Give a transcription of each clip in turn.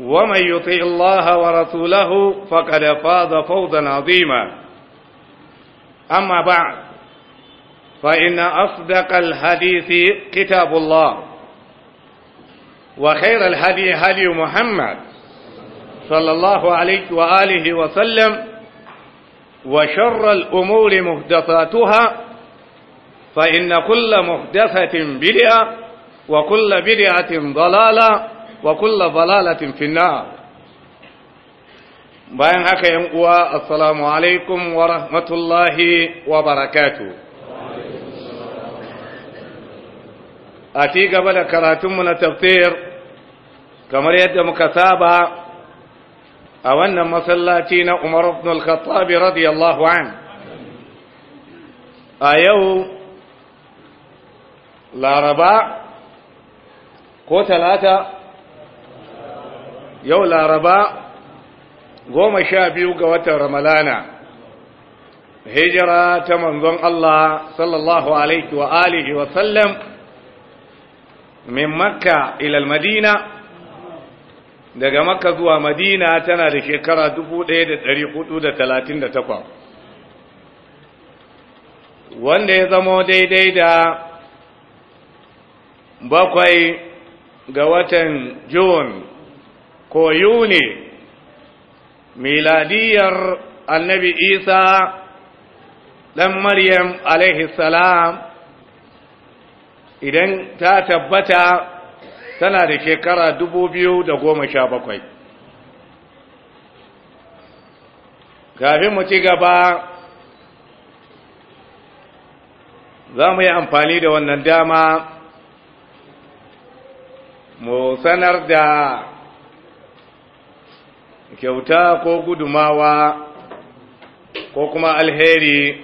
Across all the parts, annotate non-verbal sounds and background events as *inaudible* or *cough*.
ومن يطيع الله ورسوله فقد فاز فوزا عظيما أما بعد فإن أصدق الحديث كتاب الله وخير الهدي هدي محمد صلى الله عليه وآله وسلم وشر الأمور محدثاتها فإن كل محدثة بدعة وكل بدعة ضلالة wa kulla balalatin finna bayan haka yan uwa assalamu alaikum wa rahmatullahi wa barakatu a ci gaba da karatunmu na tafsir kamar yadda muka saba a wannan masallaci na umar ibn al-khattab radiyallahu an a yau laraba ko talata yau laraba goma sha biyu ga watan ramalana hijira ta manzon Allah sallallahu alaihi wa alihi wa sallam min makka ilal madina daga makka zuwa madina tana da shekara 1438 wanda ya zamo daidai da bakwai ga watan Jun koyo ne miladiyar annabi isa ɗan maryam salam idan ta tabbata tana da shekara dubu biyu da goma sha bakwai. kafin mu ci gaba za mu yi amfani da wannan dama mu sanar da kyauta ko gudumawa ko kuma alheri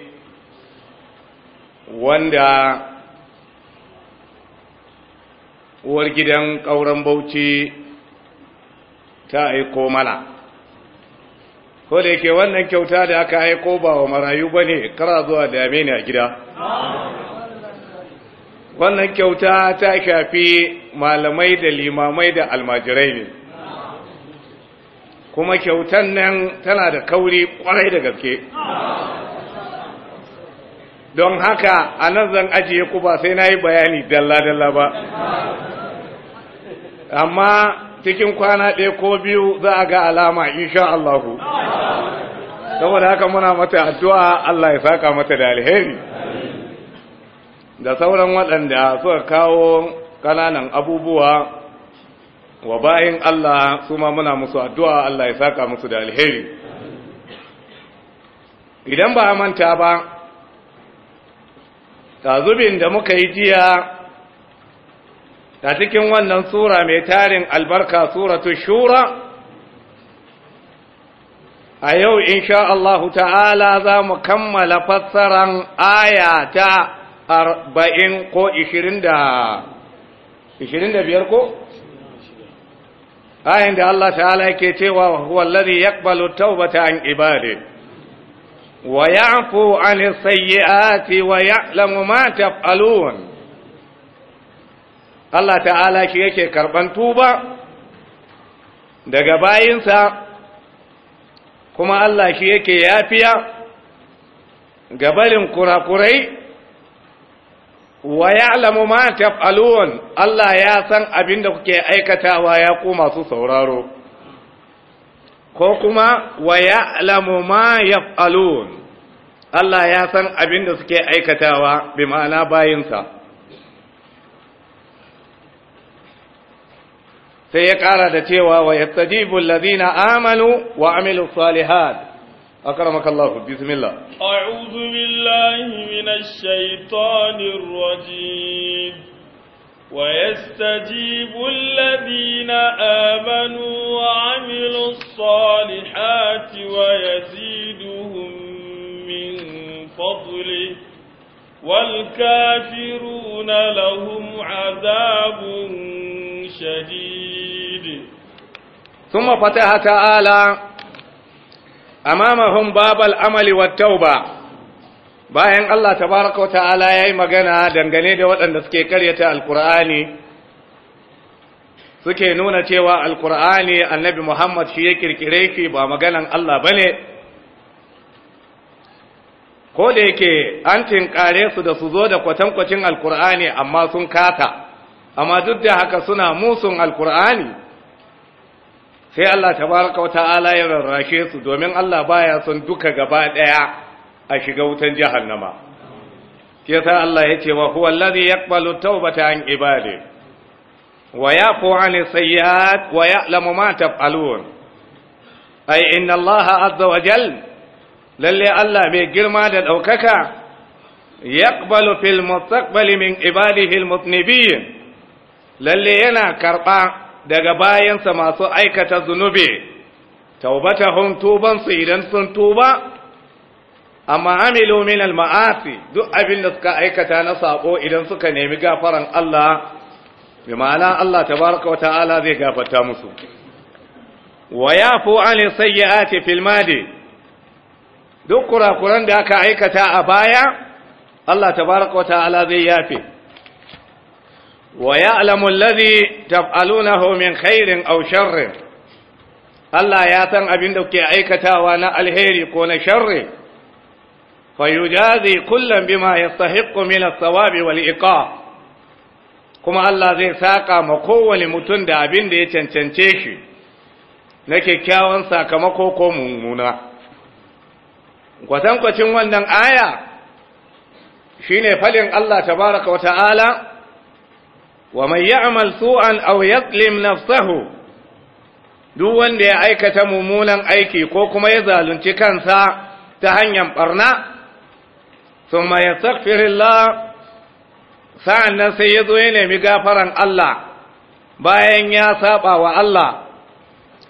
wanda uwar gidan ƙauren bauchi ta aiko mana ko da yake wannan kyauta da aka aiko ba wa marayu ba ne kara zuwa dame ne a gida wannan kyauta ta shafi malamai da limamai da almajirai ne kuma kyautan nan tana da kauri kwarai da gaske don haka a nan zan ajiye ku ba sai na yi bayani dalla-dalla ba amma cikin kwana ɗaya ko biyu za a ga alama insha Allahu saboda haka muna mata addu'a Allah ya saka mata da alheri da sauran waɗanda suka kawo ƙananan abubuwa wa bayin Allah su ma muna musu addu'a Allah ya saka musu da alheri idan ba a manta ba tazubin da muka yi jiya a cikin wannan sura mai tarin albarka suratu shura a yau insha Allah ta'ala za mu kammala fassaran aya ta arba'in ko ishirin da biyar ko ayin da Allah ta'ala yake cewa huwa alladhi yaqbalu tawbata an ibade. wa ya'fu 'anil sayyi'ati wa ya'lamu ma taf'alun Allah ta'ala shi yake karban tuba daga bayinsa kuma Allah shi yake yafiya ga gabarin kurakurai wa ya'lamu ma taf'alun Allah ya san abin da kuke aikatawa ya ku masu sauraro ko kuma wa ya'lamu ma yaf'alun Allah ya san abin da suke aikatawa bi ma'ana bayinsa sai ya ƙara da cewa wa yastajibu allazina amanu wa amilu salihat أكرمك الله بسم الله أعوذ بالله من الشيطان الرجيم ويستجيب الذين آمنوا وعملوا الصالحات ويزيدهم من فضله والكافرون لهم عذاب شديد ثم فتح تعالى amamahum babal amali wa tauba bayan Allah tabaraka wa ta'ala yi magana dangane da waɗanda suke karyata alkur'ani suke nuna cewa alkur'ani annabi Muhammad shi ya kirkire shi ba maganan Allah ba ne? ko da yake an tinkare su da su zo da kwatankwacin alkur'ani amma sun kata amma duk da haka suna musun alkur'ani sai Allah tabaraka wa ala ya rarrashe su domin Allah baya son duka gaba daya a shiga wutan jahannama yasa Allah ya ce wa huwa allazi yaqbalu tawbata an ibadi wa yafu an sayyi'at wa ya'lamu ma taf'alun ai inna Allah azza wa jal lalle Allah mai girma da daukaka yaqbalu fil mustaqbali min ibadihi al lalle yana karba daga bayansa masu aikata zunubi hun tubansu idan sun tuba amma amilu min maasi duk abin da suka aikata na saƙo idan suka nemi gafaran Allah bi ma'ana Allah tabaraka wata'ala zai gafata musu wa yafu an sayyi'ati fil madi duk kurakuran da aka aikata a baya Allah tabaraka wata'ala zai yafe wa ya'lamu allazi taf'alunahu min khairin aw sharrin Allah ya san abin da kuke aikatawa na alheri ko na sharri fa yujazi kullan bima yastahiqqu min as-sawabi wal iqab kuma Allah zai saka ma kowane mutum da abin da ya cancance shi na kyakkyawan sakamako ko mummuna kwatankwacin wannan aya shine falin Allah tabaraka wata'ala ومن يعمل سوءا أو يظلم نفسه duk wanda ya aikata mummunan aiki ko kuma ya zalunci kansa ta hanyar barna thumma yastaghfirullah sa'annan sai ya zo ya nemi gafaran Allah bayan ya saba wa Allah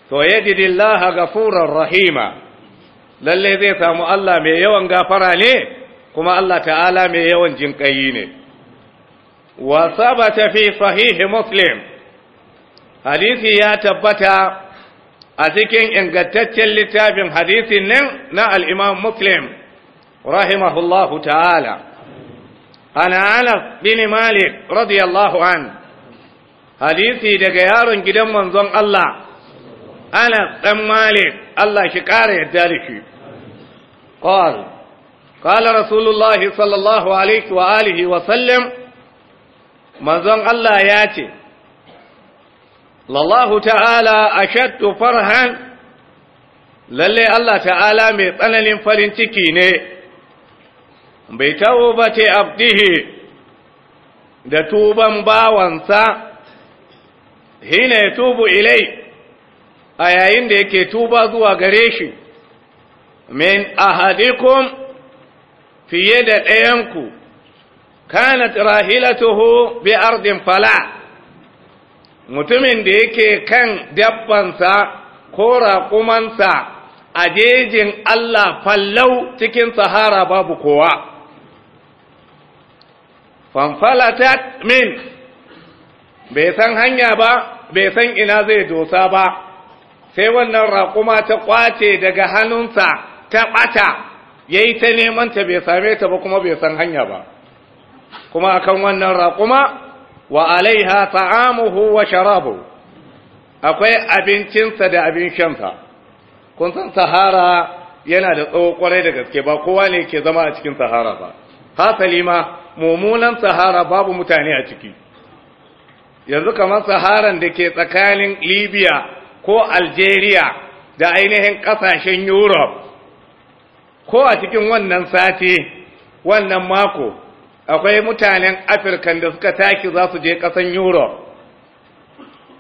to yajidillaha furar rahima lalle zai samu Allah mai yawan gafara ne kuma Allah ta'ala mai yawan jinƙayi ne وثبت في صحيح مسلم حديثي يا تبتا أتكين إن قتت اللتاب حديث النم نا الإمام مسلم رحمه الله تعالى أنا أنس بن مالك رضي الله عنه حديثي دقيار جدا منظم الله أنس بن مالك الله شكار يدارك قال قال رسول الله صلى الله عليه وآله وسلم manzon Allah ya ce lallahu ta'ala ashaddu farhan lalle Allah ta'ala mai tsananin farin ciki ne bai taubate abdihi da tuban bawansa hina ya tubu ilai a yayin da yake tuba zuwa gare shi min ahadikum fiye da ɗayanku kanat rahilatuhu bi ardin fala mutumin da yake kan dabbansa ko raƙumansa a jejin Allah fallau cikin sahara babu kowa fanfalatat min bai san hanya ba bai san ina zai dosa ba sai wannan raƙuma ta ƙwace daga hannunsa ta ɓata ya yi ta neman ta bai same ta ba kuma bai san hanya ba kuma akan wannan raƙuma wa alaiha ta'amuhu wa sharabu akwai abincinsa da abin shansa kun san sahara yana da tsawo kwarai da gaske ba kowa ne ke zama a cikin sahara ba hasali ma mummunan sahara babu mutane a ciki yanzu kamar saharan da ke tsakanin libya ko algeria da ainihin ƙasashen europe ko a cikin wannan sati wannan mako akwai mutanen afirkan da suka taki za su je ƙasan europe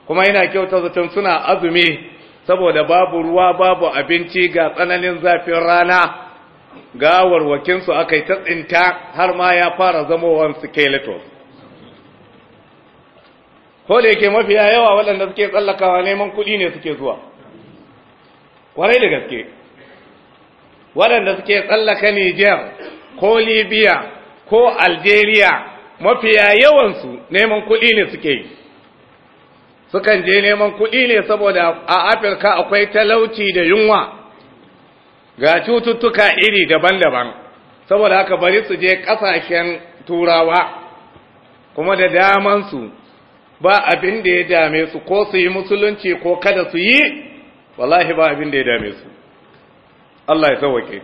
kuma yana kyauta zaton suna azumi saboda babu ruwa babu abinci ga tsananin zafin rana ga warwakinsu aka yi ta tsinta har ma ya fara zamowar skeletons ko da yake mafiya yawa waɗanda suke tsallakawa neman kuɗi ne suke zuwa kwarai da gaske waɗanda suke tsallaka niger ko libya ko algeria mafiya yawansu neman kuɗi ne suke yi sukan je neman kuɗi ne saboda a afirka akwai talauci da yunwa ga cututtuka iri daban-daban saboda haka bari su je ƙasashen turawa kuma da damansu ba abin da ya dame su ko su yi musulunci ko kada su yi wallahi ba abin da ya dame su Allah ya sauwake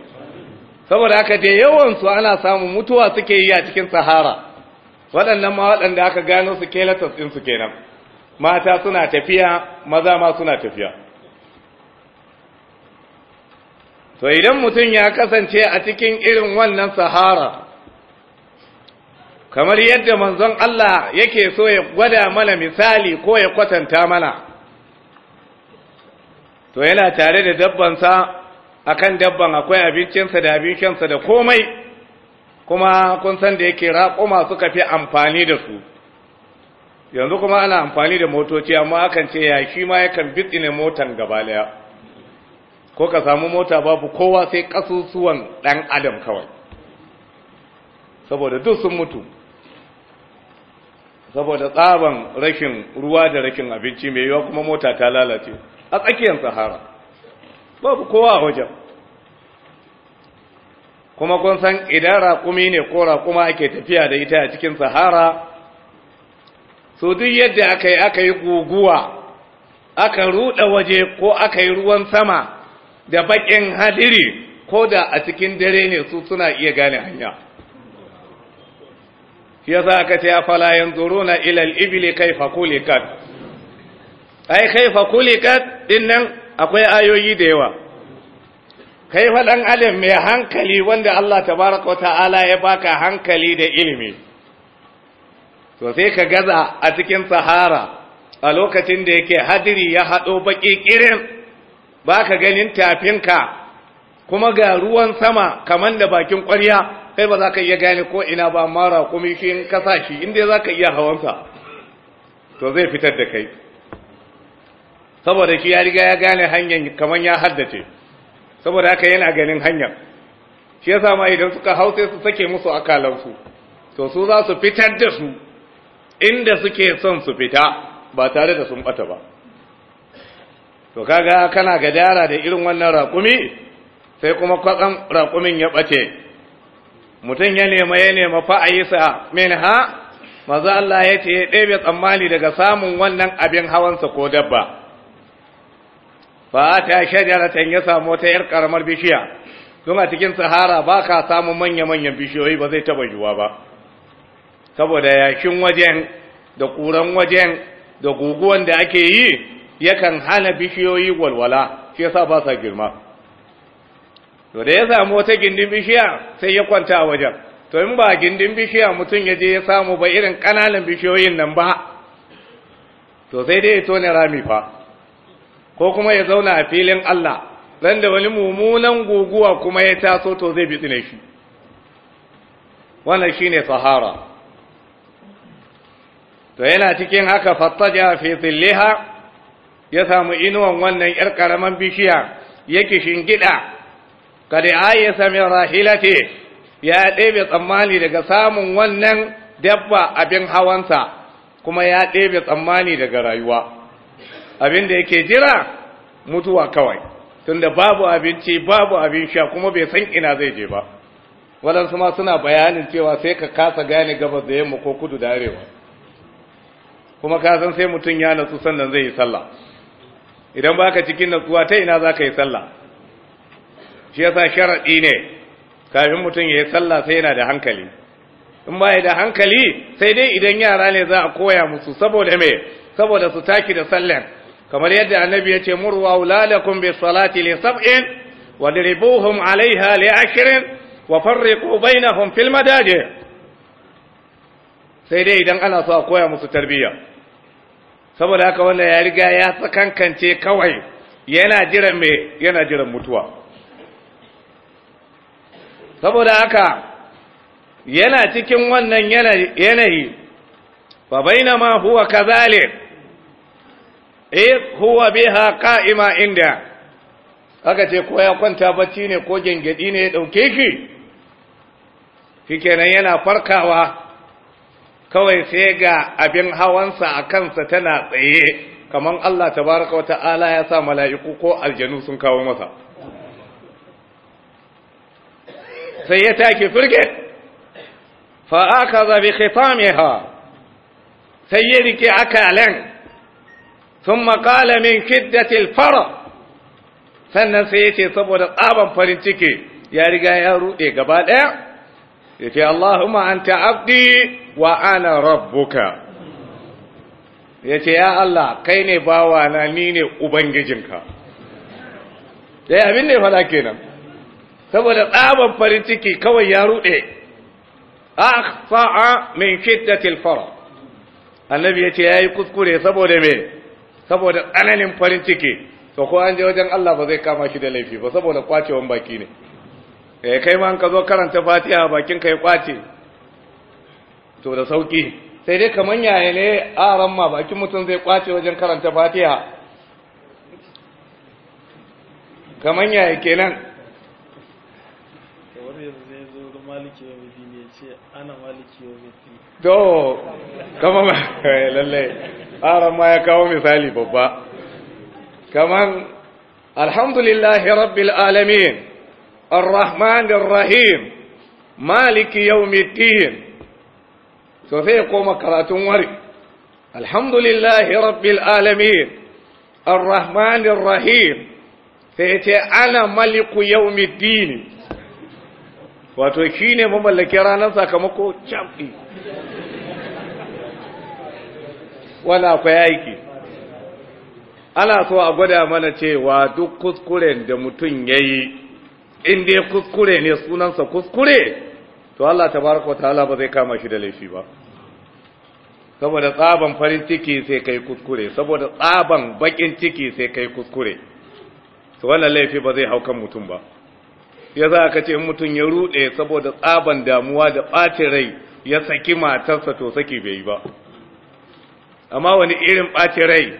saboda haka dai yawansu ana samun mutuwa suke yi a cikin sahara waɗannan ma waɗanda aka gano su ɗin ɗinsu kenan mata suna tafiya maza ma suna tafiya to idan mutum ya kasance a cikin irin wannan sahara kamar yadda manzon Allah yake so ya gwada mana misali ko ya kwatanta mana to yana tare da dabbansa akan dabban akwai abincinsa da abincinsa da komai kuma kun san da yake raƙo masu fi amfani da su yanzu kuma ana amfani da motoci amma akan ce yashi ma yakan bitsine motan gabalaya ko ka samu mota babu kowa sai ƙasusuwan ɗan adam kawai saboda duk sun mutu saboda tsaban rashin ruwa da rashin abinci mai yiwa kuma mota ta lalace a tsakiyar sahara babu kowa a wajen kuma kun san idan raƙumi ne ko raƙuma ake tafiya da ita a cikin sahara so duk yadda aka yi aka yi guguwa aka ruɗa waje ko aka yi ruwan sama da baƙin hadiri ko da a cikin dare ne su suna iya gane hanya shi yasa aka ce afala yanzuruna ila al-ibli kayfa kulikat kai kayfa kulikat dinnan akwai ayoyi da yawa kai faɗan alim mai hankali wanda Allah tabaraka wa ta'ala ya baka hankali da ilimi to sai ka gaza a cikin sahara a lokacin da yake hadiri ya haɗo baƙi ƙirin ba ka ganin tafinka kuma ga ruwan sama kamar da bakin ƙwarya kai ba za ka iya gane ko ina ba mara kuma shi in kasa inda za ka iya hawansa to zai fitar da kai saboda shi ya riga ya gane hanyar kamar ya haddace saboda haka yana ganin hanyar shi ya ma idan suka hau sai su sake musu akalansu to su za su fitar da su inda suke son su fita ba tare da sun bata ba to kaga kana ga dara da irin wannan raƙumi sai kuma kwakan raƙumin ya bace mutum ya nema ya nema fa a yi sa min ha maza Allah ya ce ya ɗebe tsammani daga samun wannan abin hawansa ko dabba Ba ta ta ya samu wata yar karamar bishiya don a cikin sahara ba ka samu manya-manyan bishiyoyi ba zai taba juwa ba saboda yashin wajen da kuran wajen da guguwan da ake yi yakan hana bishiyoyi walwala shi yasa ba sa girma to da ya samu wata gindin bishiya sai ya kwanta wajen to in ba gindin bishiya mutum ya je ya samu ba irin ƙananan bishiyoyin nan ba to sai dai ya tone rami fa ko kuma ya zauna a filin Allah ran da wani mummunan guguwa kuma ya taso to zai bi tsine shi wannan shine sahara to yana cikin haka fattaja fi zilliha ya samu inuwan wannan yar karaman bishiya yake shingida kada ayyasa sami rahilati ya ɗebe tsammani daga samun wannan dabba abin hawansa kuma ya ɗebe tsammani daga rayuwa abin da yake jira mutuwa kawai tunda babu abinci babu abin sha kuma bai san ina zai je ba waɗansu ma suna bayanin cewa sai ka kasa gane gabas da yamma ko kudu da arewa kuma ka san sai mutum ya natsu sannan zai yi sallah idan baka cikin natsuwa ta ina za ka yi sallah shi yasa sharaɗi ne kafin mutum ya yi sallah sai yana da hankali in ba da hankali sai dai idan yara ne za a koya musu saboda me saboda su taki da sallan kamar yadda annabi ya ce murwa ulalakum bi salati li sab'in wa dribuhum alaiha li ashrin wa farriqu bainahum fil madaji sai dai idan ana so a koya musu tarbiyya saboda haka wannan ya riga ya tsakankance kawai yana jiran me yana jiran mutuwa saboda haka yana cikin wannan yanayi fa bainama huwa kadhalik eh huwa biha qa'ima inda aka ce ko ya kwanta bacci ne ko gengedi ne ya dauke ki shikenan yana farkawa kawai sai ga abin hawansa a kansa tana tsaye kaman Allah tabaraka wata'ala ya sa mala'iku ko aljanu sun kawo masa sai ya take firge fa aka zabi khitamiha sai ya rike alanka ثم قال من كدة الفرح sannan sai ya ce saboda tsaban farin ciki ya riga ya rude gaba ɗaya ya ce Allahumma an abdi wa ana rabbuka ya ce ya Allah kai ne bawa na ni ne ubangijinka ya abin ne fada kenan saboda tsaban farin ciki kawai ya ruɗe a min kiddatil fara annabi ya ce ya yi kuskure saboda me saboda tsananin farin ciki to ko an je wajen Allah ba zai kama shi da laifi ba saboda kwacewan baki ne eh kai ma an ka zo karanta Fatiha bakin kai kwace to da sauki sai dai kaman yaya ne a ran ma bakin mutum zai kwace wajen karanta Fatiha kaman yaya kenan maliki yau ya ce ana maliki yawmiddin to kama *laughs* eh, aran ma ya kawo misali babba kamar alhamdulillahi rabbil alamin arrahmanir rahim maliki yawmiddin so sai ya koma karatun wari alhamdulillahi rabbil alamin arrahmanir rahim sai ce ana maliku yawmiddin wato shine mamallakin ranar sakamako champi wani akwai aiki ana so a gwada mana cewa duk kuskure da mutum ya yi in dai kuskure ne sunansa kuskure to Allah tabaraka ala ba zai kama shi da laifi ba saboda tsaban farin ciki sai kai kuskure saboda tsaban bakin ciki sai kai kuskure to wannan laifi ba zai haukan mutum ba ya za ka ce in mutum ya rude saboda tsaban damuwa da ɓacin rai ya saki matarsa to saki bai yi ba amma wani irin ɓace rai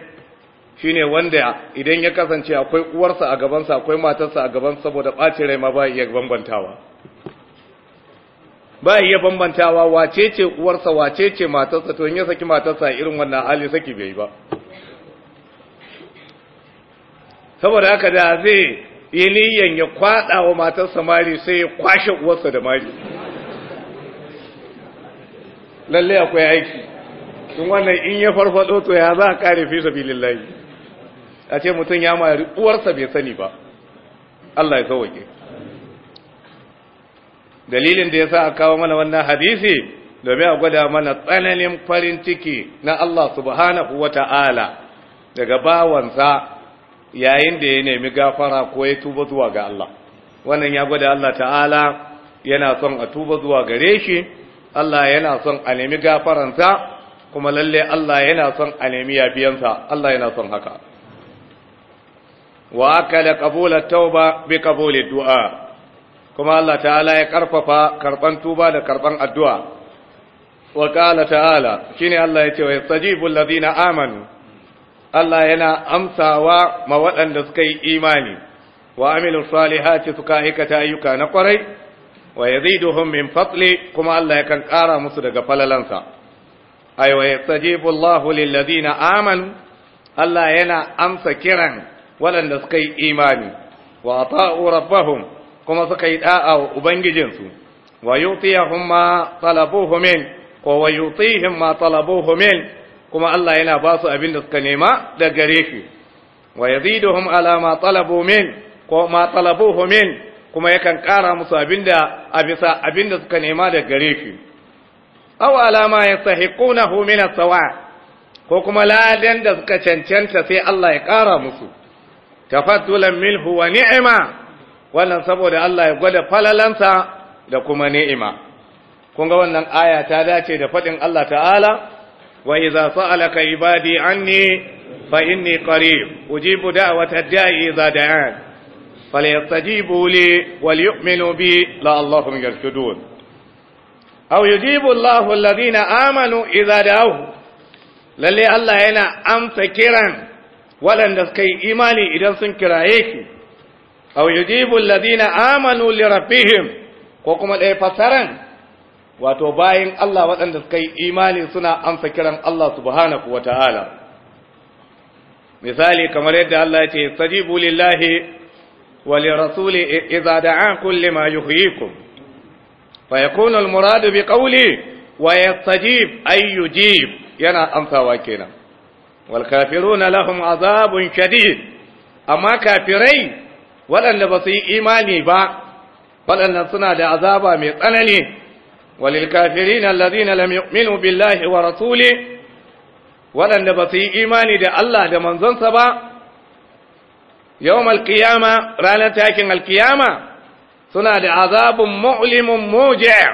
shi ne wanda idan ya kasance akwai uwarsa a gabansa akwai matarsa a gaban saboda ɓace rai ma ba iya bambantawa ba iya bambantawa wace ce uwarsa wace ce matarsa to ya saki matarsa irin wannan hali saki bai ba saboda haka da zai yi niyan ya kwada wa matarsa mari sai ya kwashe uwarsa da mari lalle akwai aiki tun wannan in ya farfado to ya za a kare fi sabilillahi a ce mutum ya mari uwarsa bai sani ba Allah ya sauwake dalilin da ya sa a kawo mana wannan hadisi domin a gwada mana tsananin farin ciki na Allah subhanahu ta'ala daga bawansa yayin da ya nemi gafara ko ya tuba zuwa ga Allah wannan ya gwada Allah ta'ala yana son a tuba zuwa gare shi Allah yana son a nemi gafaransa kuma lalle Allah yana son a nemi yafiyansa Allah yana son haka wa akala qabula tauba bi qabuli du'a kuma Allah ta'ala ya karfafa karban tuba da karban addu'a wa qala ta'ala shine Allah ya ce wa yastajibu alladhina amanu Allah yana amsawa ma waɗanda suka yi imani wa amilu salihati suka aikata ayyuka na kwarai wa yaziduhum min fadli kuma Allah yakan ƙara musu daga falalansa ayo yastajibu Allahu lil ladina amanu Allah yana amsa kiran waɗanda suka yi imani wa ata'u kuma suka yi ɗa'a wa ubangijinsu wa yutiyahum ma talabuhu ko wa yutihim ma talabuhu min kuma Allah yana basu su abin da suka nema da gare shi wa yaziduhum ala kuma yakan ƙara musu abin da bisa suka nema da gare aw alama yastahiqunahu min as-sawa ko kuma ladan da suka cancanta sai Allah ya ƙara musu tafaddulan minhu wa ni'ima wannan saboda Allah ya gwada falalansa da kuma ni'ima kun ga wannan aya ta dace da faɗin Allah ta'ala wa idza sa'alaka ibadi anni fa inni qarib ujibu da'wata da'i idza da'an فليستجيبوا لي وليؤمنوا بي لعلهم يرشدون aw yujibu Allahu alladhina amanu idza da'u lalle Allah yana amsa kiran waɗanda suka yi imani idan sun kiraye ki aw yujibu alladhina amanu li rabbihim ko kuma dai fasaran wato bayin Allah waɗanda suka yi imani suna amsa kiran Allah subhanahu wataala misali kamar yadda Allah ya ce sajibu lillahi wa lirasuli idza da'akum lima yuhyikum fa muradu bi qawli wa yastajib ay yujib yana amsawa kenan wal na lahum azabun shadid amma kafirai waɗanda ba su yi imani ba waɗanda suna da azaba mai tsanani walil kafirina alladhina lam yu'minu billahi wa rasuli waɗanda ba su yi imani da Allah da manzonsa ba yawmal qiyama ranar takin alkiyama suna da azabun mu'limun muji'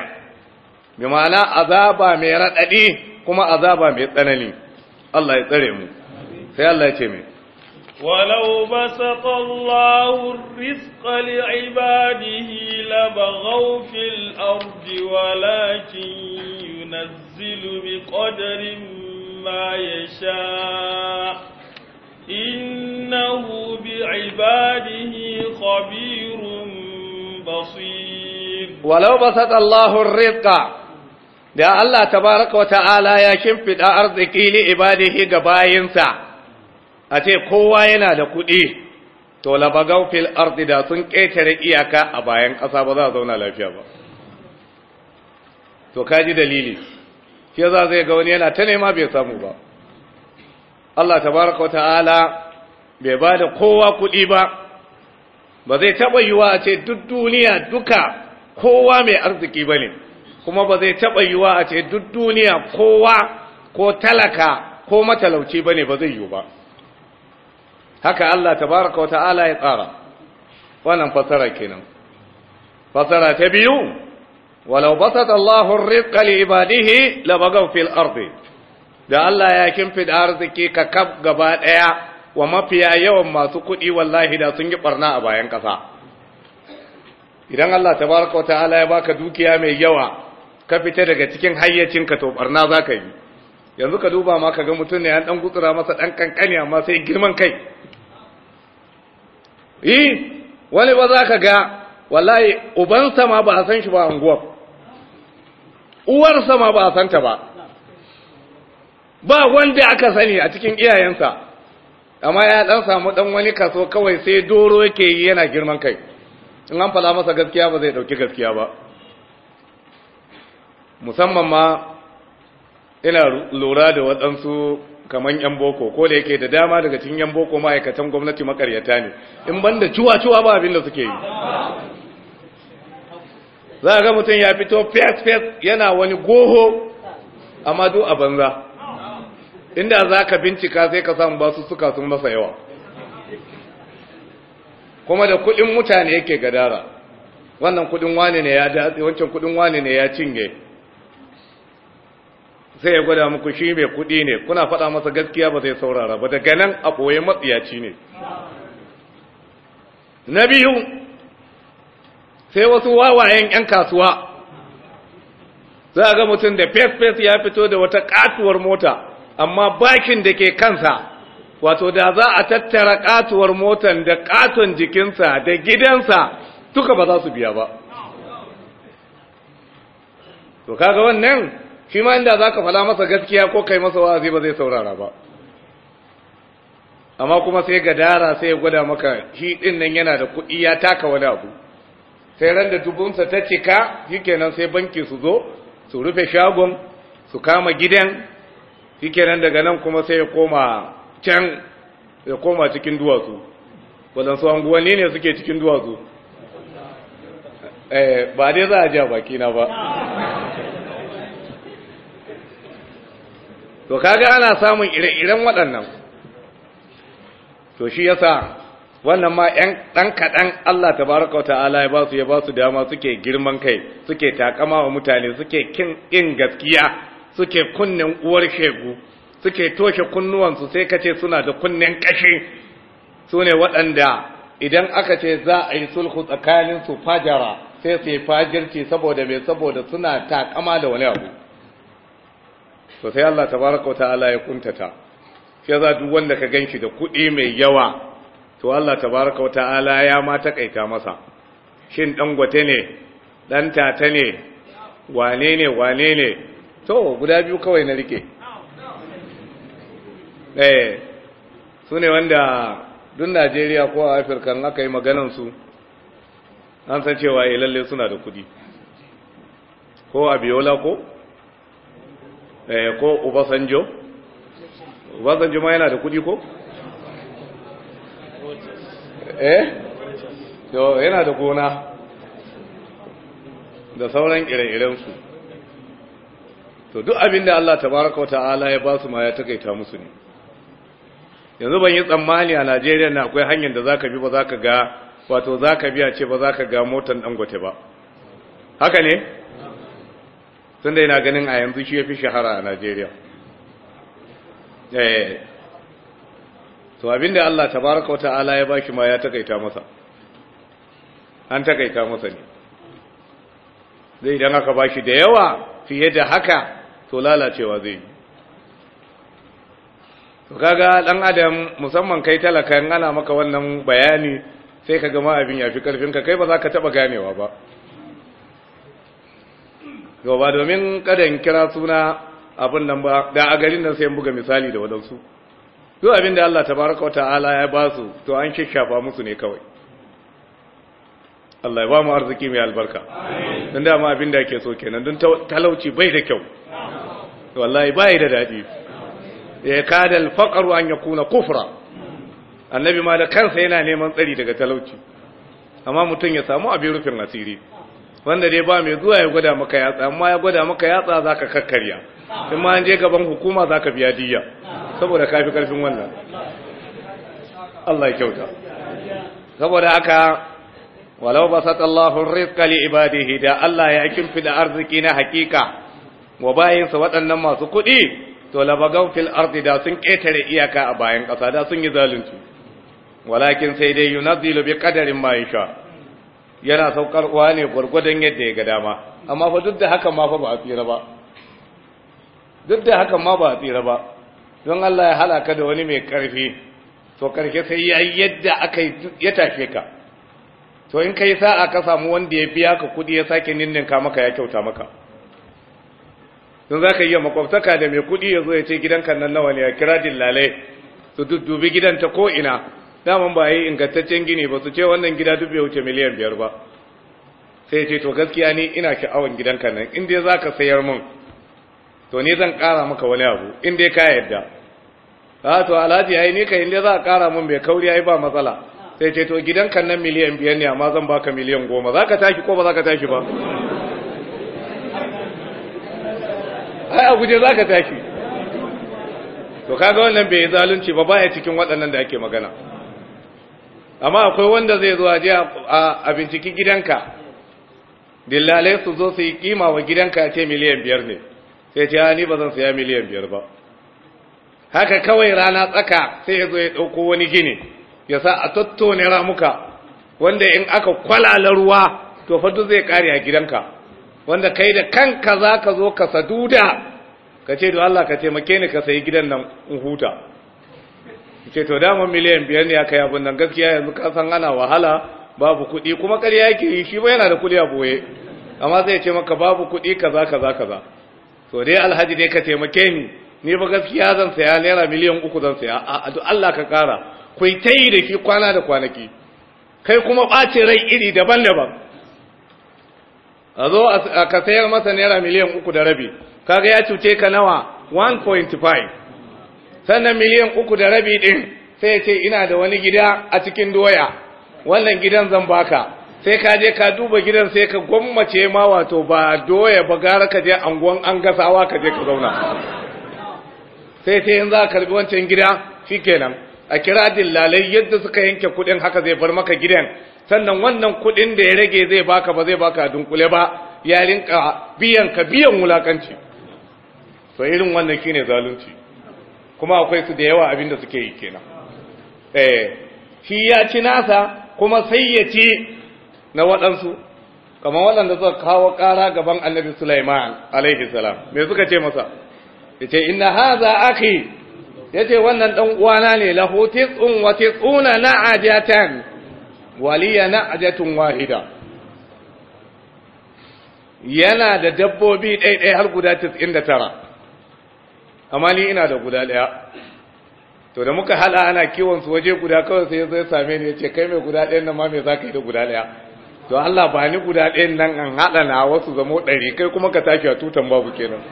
bi ma'ana azaba mai raɗaɗi kuma azaba mai tsanani Allah ya tsare mu sai Allah ya ce mai ولو بسط الله الرزق لعباده لبغوا في الأرض ولكن ينزل بقدر ما يشاء إنه بعباده خبير بصير ولو بسط الله الرزق da Allah tabaraka wa ta'ala ya shimfiɗa arziki li ibadihi ga bayinsa a ce kowa yana da kuɗi to labagau fil ardi da sun ƙetare iyaka a bayan ƙasa ba za zauna lafiya ba to kaji dalili shi za zai ga wani yana ta nema bai samu ba Allah tabaraka wa ta'ala bai ba da kowa kuɗi ba ba zai taɓa yiwa a ce duk duniya duka kowa mai arziki ba ne kuma ba zai taɓa yiwa a ce duk duniya kowa ko talaka ko matalauci ba ne ba zai yiwu ba haka Allah tabaraka wa ta'ala ya tsara wannan fasara kenan fasara ta biyu walau basata Allahu rizqa li ibadihi labagaw fil ardi da Allah ya kimfi da arziki ka kaf gaba ɗaya. wa mafiya yawan masu kuɗi wallahi da sun yi barna a bayan ƙasa idan Allah Ta baraka wa ta'ala ya baka dukiya mai yawa ka fita daga cikin hayyacinka to barna za ka yi yanzu ka duba ma ka ga mutum ne an ɗan gutsura masa ɗan kankani amma sai girman kai yi wani ba za ka ga wallahi ubansa ma ba a san shi ba unguwar uwarsa ma ba a santa ba ba wanda aka sani a cikin iyayensa amma ya dan samu dan wani kaso kawai sai doro yake yi yana girman kai in an fada masa gaskiya ba zai dauki gaskiya ba musamman ma ina lura da waɗansu kaman yan boko ko da yake da dama daga cikin yan boko ma'aikatan gwamnati makaryata ne in banda cuwa-cuwa ba abin da suke yi za ga mutum ya fito fes-fes yana wani goho amma duk a banza inda za ka bincika sai ka samu basu suka sun masa yawa kuma da kudin mutane yake gadara wannan kudin wane ne ya datse wancan kudin wane ne ya cinye sai ya gwada muku shi mai kudi ne kuna faɗa masa gaskiya ba zai saurara ba daga nan a ɓoye matsiyaci ne na biyu sai wasu wawayen 'yan kasuwa za a ga mutum da fes-fes ya fito da wata katuwar mota amma bakin da ke kansa wato da za a tattara katuwar motan da katon jikinsa da gidansa duka ba za su biya ba to kaga wannan shi ma inda za ka fala masa gaskiya ko kai masa wa'azi ba zai saurara ba amma kuma sai ga dara sai ya gwada maka shi din nan yana da kuɗi ya taka wani abu sai ran da dubunsa ta cika shikenan sai banki su zo su rufe shagon su kama gidan shikenan daga nan kuma sai ya koma can ya koma cikin duwatsu waɗansu anguwanni ne suke cikin duwatsu eh, ba dai za a ji ja bakina ba to kaga ana samun ire-iren waɗannan to shi yasa wannan ma ɗan kaɗan Allah baraka wa ta'ala ya ba su ya ba su dama suke girman kai suke takama wa mutane suke kin gaskiya suke kunnen uwar shegu suke toshe kunnuwansu sai kace suna da kunnen kashi su ne waɗanda idan aka ce za a yi sulhu tsakanin su fajara sai su yi fajirci saboda mai saboda suna takama da wani abu to sai Allah tabaraka wa ta'ala ya kuntata sai za duk wanda ka ganshi da kuɗi mai yawa to Allah tabaraka wa ta'ala ya ma takaita masa shin dangote ne dan tata ne wane ne wane ne to guda biyu kawai na rike eh su ne wanda duk najeriya ko a afirka aka yi maganansu an san cewa ya eh, lalle suna da kudi ko abiola ko eh ko ubasanjo ubasanjo ma yana da kudi ko eh yana da gona da sauran ire-irensu to duk abin da Allah tabaraka wa ta'ala ya ba su ma ya takaita musu ne yanzu ban yi tsammani a Najeriya na akwai hanyar da zaka bi ba zaka ga wato zaka biya ce ba zaka ga motan dangote ba haka ne da ina ganin a yanzu shi yafi shahara a Najeriya eh to abin da Allah tabaraka wa ta'ala ya shi ma ya takaita masa an takaita masa ne zai idan aka bashi da yawa fiye da haka to lalacewa zai yi to kaga dan adam musamman kai talaka in ana maka wannan bayani sai kaga ma abin yafi karfin ka kai ba za ka taba ganewa ba yau ba domin kada in kira suna abin nan ba da a garin nan sai buga misali da wadansu duk abin da Allah tabaraka wata'ala ya ba su to an shishafa musu ne kawai Allah ya ba mu arziki mai albarka don ma abin da ake so kenan dan talauci bai da kyau wallahi bai da daɗi ya kada alfaqaru an yakuna kufra annabi ma da kansa yana neman tsari daga talauci amma mutum ya samu abin rufin asiri wanda dai ba mai zuwa ya gwada maka yatsa amma ya gwada maka yatsa zaka kakkarya in ma an je gaban hukuma zaka biya diyya saboda kafi karfin wannan Allah ya kyauta saboda haka walau basatallahu rizqa li ibadihi da Allah ya kimfi da arziki na hakika wa sa waɗannan masu kuɗi to labagan fil ardi da sun ƙetare iyaka a bayan ƙasa da sun yi zalunci walakin sai dai yunazzilu bi qadarin ma yasha yana saukar uwa ne gurgudan yadda ya ga dama amma fa duk da haka ma fa ba a tsira ba duk da haka ma ba a tsira ba don Allah ya halaka da wani mai karfi to karke sai ya yadda aka ya tafe ka to in kai sa'a ka samu wanda ya biya ka kuɗi ya sake ninninka maka ya kyauta maka don za ka wa makwabtaka da mai kuɗi ya zo ya ce gidanka nan nawa ne a kira dillalai su duddubi gidan ta ko ina daman ba yi ingantaccen gini ba su ce wannan gida duk bai wuce miliyan biyar ba sai ce to gaskiya ni ina sha'awan gidanka nan in dai za ka sayar min to ni zan ƙara maka wani abu in dai ka yarda a ah, to alhaji yi ni ka in dai za ka ƙara min mai kauri yi ba matsala sai ce to gidanka nan miliyan biyar ne amma zan baka miliyan goma za ka tashi ko ba za ka tashi ba ai a guje zaka tashi to kaga wannan bai yi zalunci ba baya cikin waɗannan da ake magana amma akwai wanda zai zo aje a binciki gidanka dillalai su zo su yi kima wa gidanka ce miliyan biyar ne sai ce ni ba zan saya miliyan biyar ba haka kawai rana tsaka sai ya zo ya ɗauko wani gini ya sa a tattone ramuka wanda in aka kwalala ruwa to fatu zai kare a gidanka wanda kai da kanka za ka zo ka saduda ka ce da Allah ka taimake ni ka sayi gidan nan in huta ce to dama miliyan biyar ne aka yi abin nan gaskiya yanzu ka san ana wahala babu kuɗi kuma ƙarya yake yi shi ba yana da kuɗi a boye amma zai ce maka babu kuɗi kaza kaza kaza to dai alhaji dai ka taimake ni ni ba gaskiya zan saya naira miliyan uku zan saya a to Allah ka kara kai tayi da shi kwana da kwanaki kai kuma ɓace rai iri daban-daban a zo a ka sayar masa naira miliyan uku da rabi kaga ya cuce ka nawa 1.5 sannan miliyan uku da rabi din sai ya ce ina da wani gida a cikin doya wannan gidan zan baka sai ka je ka duba gidan sai ka gwammace ma wato ba doya ba gara ka je angon an gasawa ka je ka zauna sai sai yanzu za karbi wancan gida kenan, a kira dillalai yadda suka yanke kuɗin haka zai bar maka gidan sannan wannan kuɗin da ya rage zai baka ba zai baka dunkule ba ya rinka biyan ka biyan wulakanci so irin wannan shine zalunci kuma akwai su da yawa abinda suke yi kenan eh shi ya ci nasa kuma sai ya ci na waɗansu kamar wadanda suka kawo kara gaban annabi Sulaiman alaihi salam me suka ce masa yace inna hadha akhi yace wannan dan uwana ne lahu tis'un wa tis'una na'ajatan waliya na ajatun wahida yana da dabbobi ɗaiɗai har guda 99 amma ni ina da guda ɗaya to da muka hala ana kiwonsu waje guda kawai sai zai same ni ce kai mai guda ɗayan nan ma me ka yi da guda ɗaya to Allah ba ni guda ɗayan nan an haɗa na wasu zamo ɗari kai kuma ka tafi a tutan babu kenan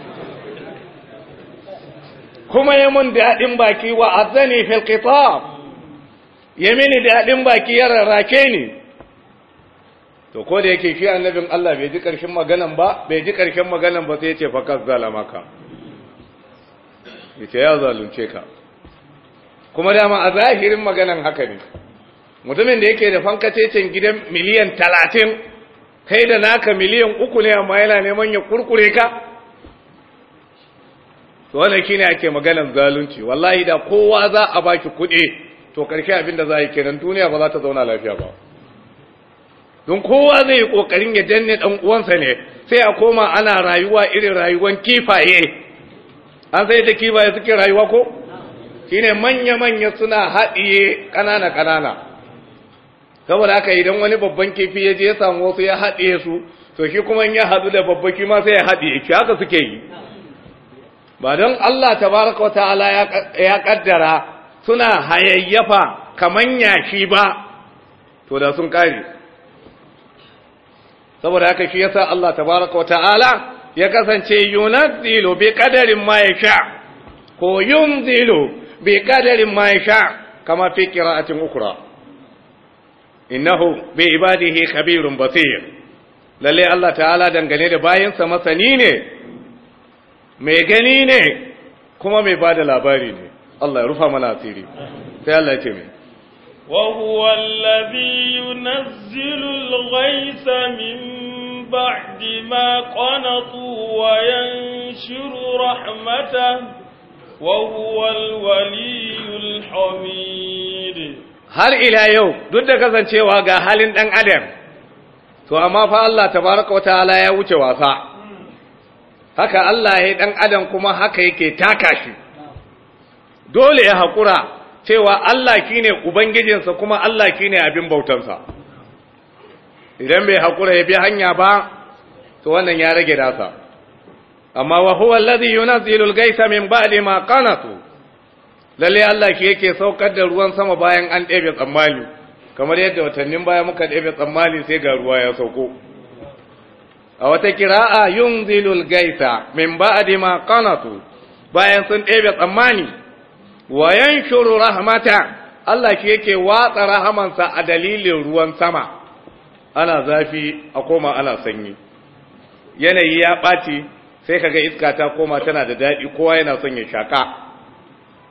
kuma ya mun daɗin baki wa azani fil qitab ya mini daɗin baki ya rarrake ni to ko da yake shi annabin Allah bai ji ƙarshen maganan ba bai ji ƙarshen maganan ba sai ya ce fakas zalamaka yace ya zalunce ka kuma dama a zahirin maganan haka ne mutumin da yake da fankacecen gidan miliyan talatin kai da naka miliyan uku ne amma yana neman ya kurkure ka to wannan shine ake maganan zalunci wallahi da kowa za a baki kuɗi to karshe abin za a yi kenan duniya ba za ta zauna lafiya ba don kowa zai yi kokarin ya danne dan uwansa ne sai a koma ana rayuwa irin rayuwan kifaye an sai da kifaye suke rayuwa ko shine manya manya suna haɗiye ƙanana ƙanana saboda haka idan wani babban kifi ya je ya samu wasu ya haɗiye su to shi kuma in ya haɗu da babba kima sai ya haɗiye shi haka suke yi ba don Allah tabaraka wa ta'ala ya kaddara suna hayayyafa kaman yashi ba to da sun kare saboda haka shi yasa Allah tabaraka wa ta'ala ya kasance yunzilu bi qadarin ma yasha ko yunzilu bi qadarin ma yasha kama fi qira'atin ukra innahu bi ibadihi khabirun basir lalle Allah ta'ala dangane da bayansa masani ne mai gani ne kuma mai bada labari ne Allah ya rufa mana asiri sai Allah ya ce mai وهو الذي ينزل الغيث من بعد ما قنطوا وينشر رحمته وهو الولي الحميد har ila yau duk da kasancewa ga halin ɗan adam to amma fa Allah tabaraka wata'ala ya wuce wasa hmm. haka Allah ya ɗan adam kuma haka yake taka shi dole ya haƙura cewa Allah ki ne Ubangijinsa kuma Allah ki ne abin bautansa idan bai haƙura ya bi hanya ba to wannan ya rage nasa amma wa huwa alladhi yunazzilu al gaisa min ba'di ma qanatu lalle Allah ki yake saukar da ruwan sama bayan an ɗebe tsammani kamar yadda watannin baya muka ɗebe tsammani sai ga ruwa ya sauko a wata kira'a yunzilul gaisa min ba'di ma qanatu bayan sun ɗebe tsammani wa yanshuru rahmata Allah shi yake watsa rahamansa a dalilin ruwan sama ana zafi a koma ana sanyi yanayi ya ɓaci sai kaga iska ta koma tana da daɗi kowa yana son ya shaka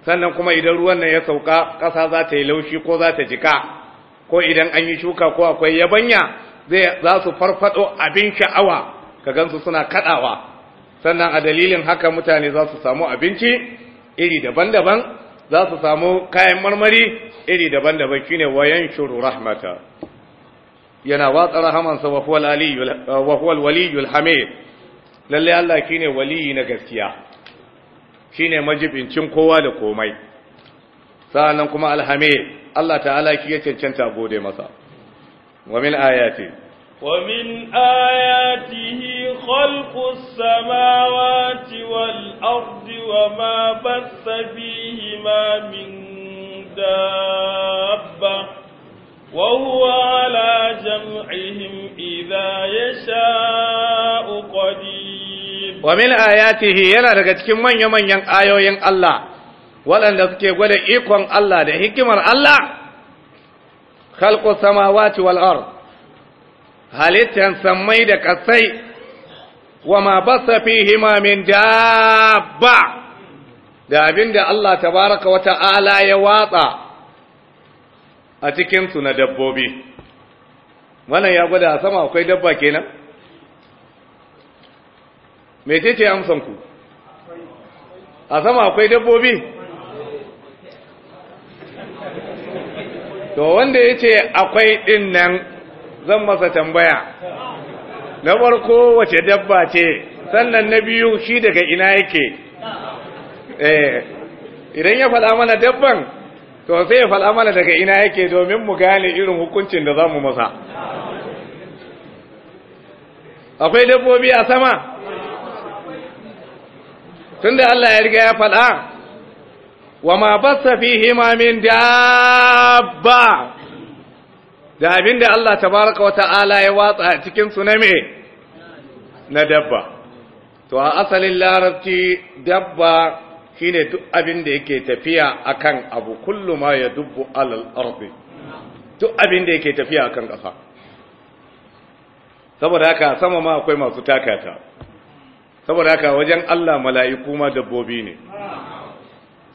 sannan kuma idan ruwan nan ya sauka ƙasa za ta yi laushi ko za ta jika ko idan an yi shuka ko akwai yabanya zai za su farfado abin sha'awa ka gansu suna kaɗawa sannan a dalilin haka mutane za su samu abinci iri daban-daban za su samu kayan marmari iri daban-daban shine wayan shuru rahmata yana watsa rahamansa wa huwal waliyul hamid lalle Allah shine waliyi na gaskiya shine majibincin kowa da komai sa'annan kuma alhamid Allah ta'ala ki ya cancanta gode masa wa min ayati ومن آياته خلق السماوات والأرض وما بث في ما من دابة وهو على جمعهم إذا يشاء قدير ومن آياته يلا كم من يمن ين آيو ين الله ولن تسكي ولا إيقوان الله ده حكمة الله خلق السماوات والأرض هل sammai da kasai وما ma فيهما من min da abin da Allah tabaraka wata ala ya watsa a cikinsu na dabbobi wannan ya gwada a sama akwai dabba kenan mece ce amsanku a sama akwai dabbobi to wanda ya ce akwai ɗin nan zan masa tambaya na farko wace dabba ce sannan na biyu shi daga ina yake Eh, idan ya faɗa mana dabban to sai ya faɗa mana daga ina yake domin mu gane irin hukuncin da za mu masa akwai dabbobi a sama tunda Allah ya riga ya faɗa wa ma basa fihima min dabba da abinda Allah tabaraka wa ta'ala ya watsa a cikin su na dabba to a asalin larabci dabba shine duk abin da yake tafiya akan abu kullu ma dubbu alal ardi duk abin da yake tafiya akan ƙasa saboda haka sama ma akwai masu takata saboda haka wajen Allah mala'iku ma dabbobi ne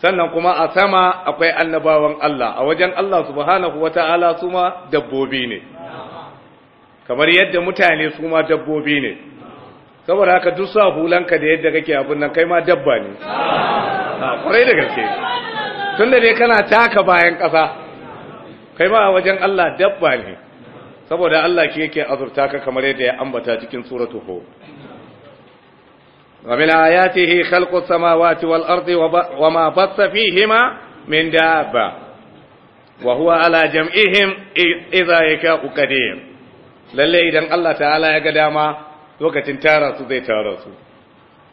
sannan kuma a sama akwai annabawan Allah a wajen Allah subhanahu wata'ala su ma dabbobi ne kamar yadda mutane su ma dabbobi ne saboda haka duk sa hulanka da yadda kake abin nan kai ma dabba ne kwarai da gaske tun da ne kana taka bayan ƙasa kai ma wajen Allah dabba ne saboda Allah ke yake azurta ka kamar yadda ya ambata cikin suratu ho wa min ayatihi khalqu samawati wal ardi wa ma batta fihima min dabba wa huwa ala jam'ihim idza yakau qadim lalle idan Allah ta'ala ya ga dama lokacin tara su zai tara su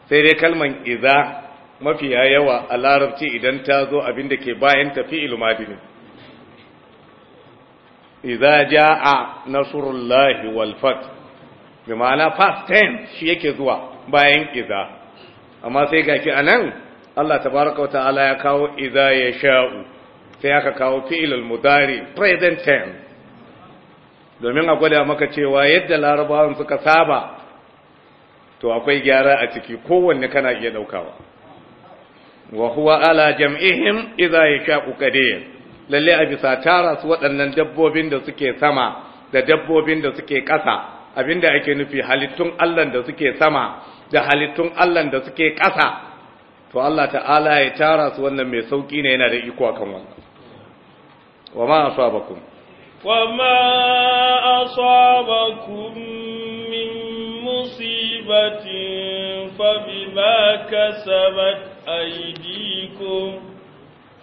sai dai kalman idza mafiya yawa a larabci idan ta zo abin da ke bayan tafi ilmadi ne idza jaa nasrullahi wal fath bi ma'ana past tense shi yake zuwa bayan iza. amma sai gashi anan Allah tabaaraka ta'ala ya kawo iza ya sha'u sai aka kawo fi'il mudari present tense domin a gwada maka cewa yadda larabawan suka saba to akwai gyara a ciki kowanne kana iya daukawa wa huwa ala jam'ihim idza yashaqu qadir lalle a bisa tara su waɗannan dabbobin da suke sama da dabbobin da suke ƙasa abinda ake nufi halittun Allah da suke sama da halittun Allah da suke ƙasa to Allah ta'ala ya tara su wannan mai sauki ne yana da iko akan wannan wa ma asabakum wa ma asabakum min musibatin fa bima kasabat أيديكم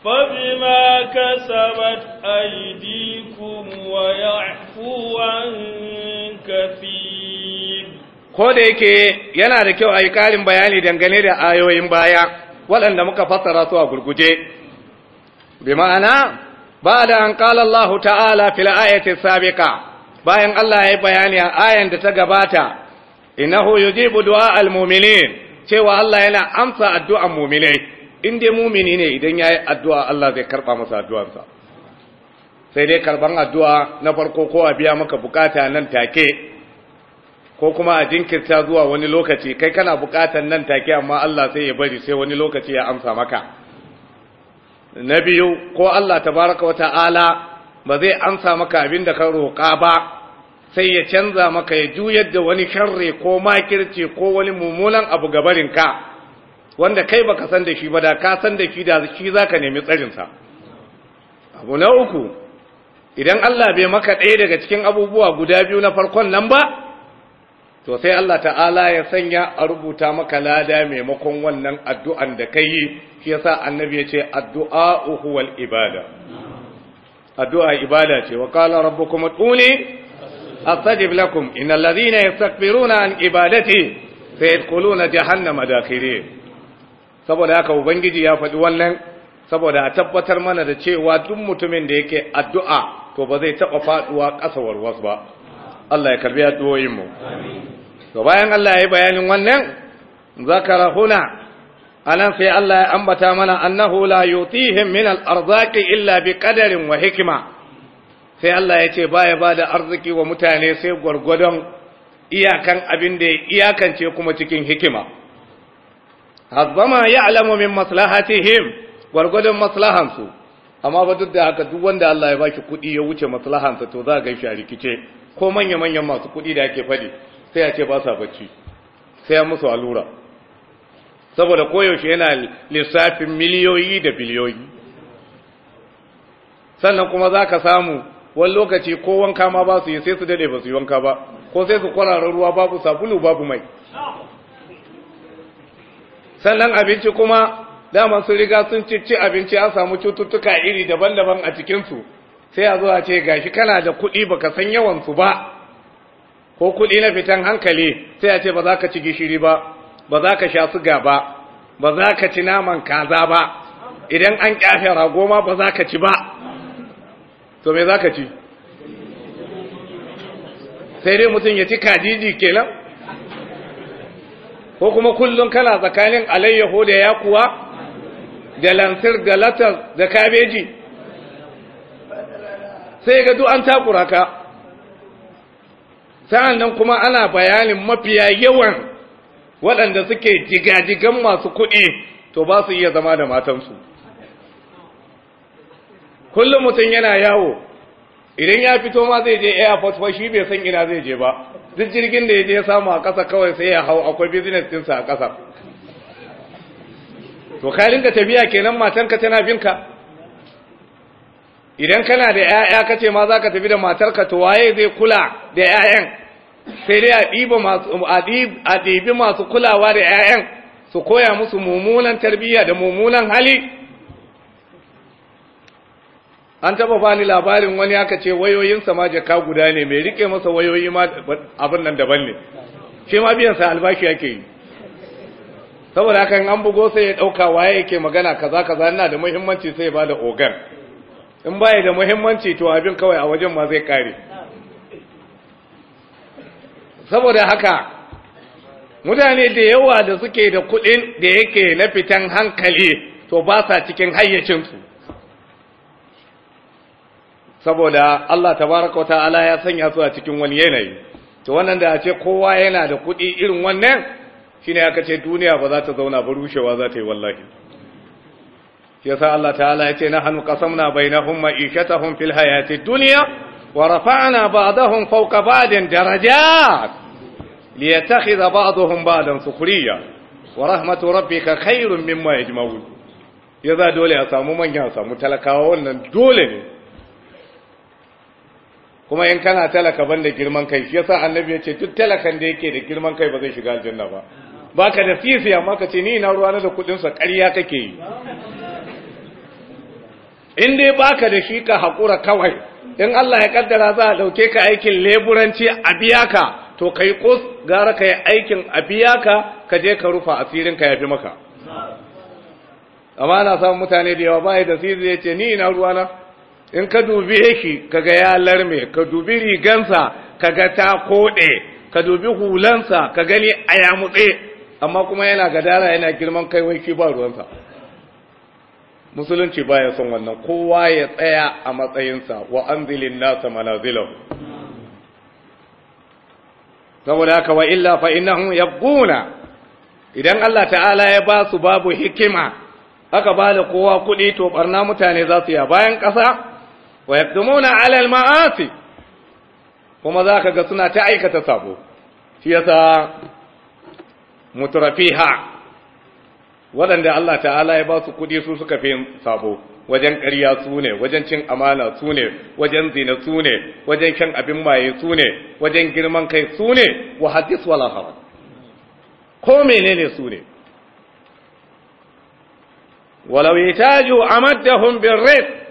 فبما كسبت أيديكم ويعفو عن كثير ko da yake yana da kyau a yi ƙarin bayani dangane da ayoyin baya waɗanda muka fassara su a gurguje bi ma'ana ba da an ta'ala fil ayati sabiqa bayan Allah ya yi bayani a ayan da ta gabata innahu yujibu du'a al-mu'minin cewa Allah yana amsa addu'an mu'minai in dai mu'mini ne idan yayi addu'a Allah zai karba masa addu'arsa sai dai karban addu'a na farko ko a biya maka bukata nan take ko kuma a jinkirta zuwa wani lokaci kai kana bukatan nan take amma Allah sai ya bari sai wani lokaci ya amsa maka na biyu ko Allah tabaraka wata ala ba zai amsa maka abin da ka roƙa ba sai ya canza maka ya juyar da wani sharri ko makirci ko wani mummunan abu gabarinka wanda kai baka san da shi ba da ka san da shi da shi zaka nemi tsarinsa abu na uku idan Allah bai maka ɗaya daga cikin abubuwa guda biyu na farkon nan ba to sai Allah ta'ala ya sanya a rubuta maka lada maimakon wannan addu'an da kai yi shi yasa annabi ya ce addu'a huwal ibada addu'a ibada ce wa qala rabbukum ud'uni astajib lakum innal ladhina yastakbiruna an ibadati sayadkhuluna jahannama dakhirin saboda haka ubangiji ya faɗi wannan saboda a tabbatar mana da cewa duk mutumin da yake addu'a to ba zai taɓa faɗuwa ƙasa warwas ba Allah ya karbi addu'o'in mu to bayan Allah ya yi bayanin wannan zakara huna anan sai Allah ya ambata mana annahu la yutihim min al-arzaqi illa bi qadarin wa hikma sai Allah ya ce ya ba da arziki wa mutane sai gwargwadon iyakan abin da ya iyakance kuma cikin hikima hazama ya alamu min maslahatihim gwargwadon maslahansu amma ba duk da haka duk wanda Allah ya ki kuɗi ya wuce maslahansa to za a gaishe a rikice ko manya-manyan masu kuɗi da ake faɗi sai a ce ba sa bacci sai ya musu allura saboda koyaushe yana lissafin miliyoyi da biliyoyi sannan kuma za ka samu wani lokaci ko wanka ma ba su yi sai su dade ba su yi wanka ba ko sai su kwarara ruwa babu sabulu babu mai sannan abinci kuma dama sun riga sun cici abinci an samu cututtuka iri daban-daban a cikinsu sai a zuwa ce gashi kana da kuɗi baka san yawansu ba ko kuɗi na fitan hankali sai a ce ba za ka ci gishiri ba ba za ka sha suga ba ba za ka ci naman kaza ba idan an kyafe ragoma ma ba za ka ci ba to me za ka ci sai dai mutum ya ci kajiji kenan ko kuma kullum kana tsakanin alayyaho da yakuwa da lantar da latar da kabeji sai ga duk an takura ka sa'an nan kuma ana bayanin mafiya yawan waɗanda suke jigajigan masu kuɗi to ba su iya zama da matansu kullum mutum yana yawo idan ya fito ma zai je airport ba shi bai san ina zai je ba duk jirgin da ya je samu a ƙasa kawai sai ya hau akwai business sa a ƙasa to ka rinka tafiya kenan matanka tana bin ka idan kana da 'ya'ya kace ma za ka tafi da matarka to waye zai kula da 'ya'yan sai dai a masu kulawa da 'ya'yan su koya musu mumunan tarbiyya da mumunan hali an taba bani labarin wani aka ce wayoyinsa ma jaka guda ne mai rike masa wayoyi ma abin nan daban ne shi ma biyan sa albashi yake yi saboda haka an bugo sai ya dauka waye yake magana kaza kaza ina da muhimmanci sai ba da ogan in baya da muhimmanci to abin kawai a wajen ma zai kare saboda haka mutane da yawa da suke da kuɗin da yake na fitan hankali to ba sa cikin hayyacinsu saboda Allah tabaraka ta'ala ya sanya su a cikin wani yanayi to wannan da a ce kowa yana da kuɗi irin wannan shine aka ce duniya ba za ta zauna ba rushewa za ta yi wallahi yasa Allah ta'ala ya ce nahnu qasamna bainahum ma'ishatahum fil hayati dunya wa rafa'na ba'dahum fawqa ba'din darajat liyattakhidha ba'dahum ba'dan sukhriya wa rahmatu rabbika khairun mimma yajma'un yaza dole a samu manya a samu talakawa wannan dole ne kuma in kana talaka banda girman kai shi yasa annabi ya ce duk talakan da yake da girman kai ba zai shiga aljanna ba baka da fifiya amma ka ce ni ina ruwa na da kudin sa ƙarya kake yi in dai baka da shi ka hakura kawai in Allah ya kaddara za a dauke ka aikin leburanci a biya ka to kai kus gara kai aikin a biya ka je ka rufa asirin ka yafi maka amma na samun mutane da yawa ba da sisi ya ce ni ina ruwa na in ka dubi shi kaga ya larme ka dubi rigansa kaga ta koɗe ka dubi hulansa ka gani a ya mutse, amma kuma yana gadara yana girman kai wai shi ba ruwansa musulunci baya son wannan kowa ya tsaya a matsayinsa wa anzilin nasa manazilahu saboda haka wa illa fa innahu yabquna idan Allah ta'ala ya ba su babu hikima aka ba da kowa kuɗi to barna mutane za su ya bayan ƙasa wa yaqdumuna ala maasi kuma zaka ga suna ta aikata sabo shi yasa mutrafiha waɗanda Allah ta'ala ya ba su kuɗi su suka fi sabo wajen ƙarya su ne wajen cin amana su ne wajen zina su ne wajen kyan abin maye su ne wajen girman kai su ne wa hadis wala haram ko menene su ne walau yataju amaddahum birrid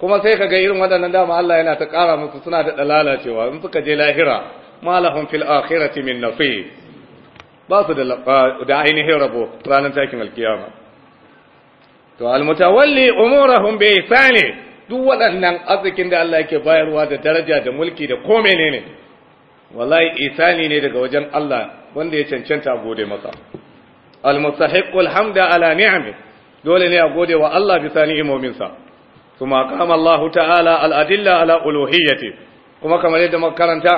kuma sai ka ga irin waɗannan dama Allah yana ta ƙara musu suna da lalacewa in suka je lahira malahum fil akhirati min nafi ba su da da ainihin rabo ranar takin alkiyama to almutawalli umurahum bi ihsani duk waɗannan arzikin da Allah yake bayarwa da daraja da mulki da ko menene wallahi ihsani ne daga wajen Allah wanda ya cancanta gode masa almustahiqul hamda ala ni'ami dole ne a gode wa Allah bisa ni'imominsa kuma kama Allah ta'ala al'adilla ala uluhiyyati kuma kamar yadda makaranta